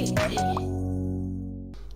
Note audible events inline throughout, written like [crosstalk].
Yeah.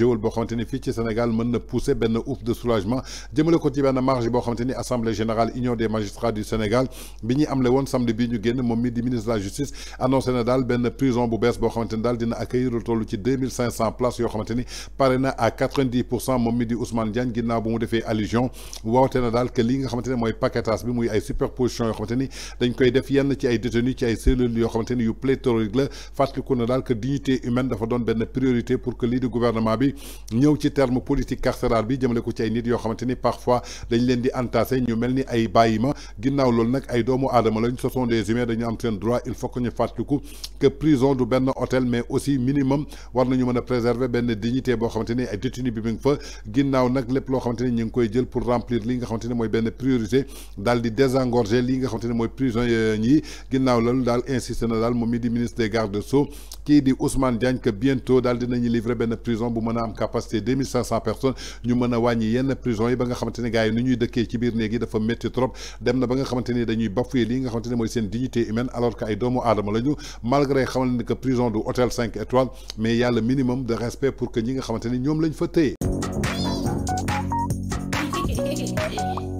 géwël bo xamanteni fi ci Sénégal mën na pousser ben ouf de soulagement jëmale ko ci benn marge bo xamanteni assemblée générale union des magistrats du Sénégal bi amlé won samedi bi ñu génn mom mi di ministre de la justice annoncé na dal ben prison bu bees bo xamanteni dal dina accueillir lu toll ci 2500 places yo xamanteni paréna à 90% mom dix mi di Ousmane Diagne ginnaw bu mu defee allusion wawté na dal que li nga xamanteni moy paquetage bi muy ay superposition yo xamanteni dañ koy def yenn ci ay détenus ci ay cellules yo xamanteni yu pléthorique la fàttaliku na que dignité humaine dafa don ben priorité pour que li di gouvernement bi nous ñëw ci terme politique carcérale bi jëmale ko ci ay nit yoo xamante ni parfois dañ leen di entassé ñu mel ni ay bàyyi ma ginnaaw loolu nag ay doomu aadama lañ ce sont des humains dañu am seen droit il faut que ñu fàttaliku que prison du benn hôtel mais aussi minimum war nañu mën a préserver benn dignité boo xamante ni ay détenu bi mu ngi fa ginnaaw nag lépp loo xamante ni ñu ngi koy jël pour remplir li nga xamante ni mooy benn priorité daal di désengorger li nga xamante ni mooy prison ñi ginnaaw loolu daal insisté na daal moom di ministre des gardes sceaux kii di Ousmane Diagne que bientôt daal dinañu livrer benn prison bu mën am capacité 2500 personnes ñu mëna a wàññi yenn prison yi ba nga xamanteni gaay ñu ñuy dëkke ci biir néeg yi dafa metti trop dem na ba nga xamanteni dañuy bafouer li nga xamanteni moy mooy seen dignité humaine alors que ay doomu aadama lañu malgré xamal ni que prison du hôtel 5 étoiles mais y a le minimum de respect pour que ñi nga xamanteni ni lañ fa téye [laughs]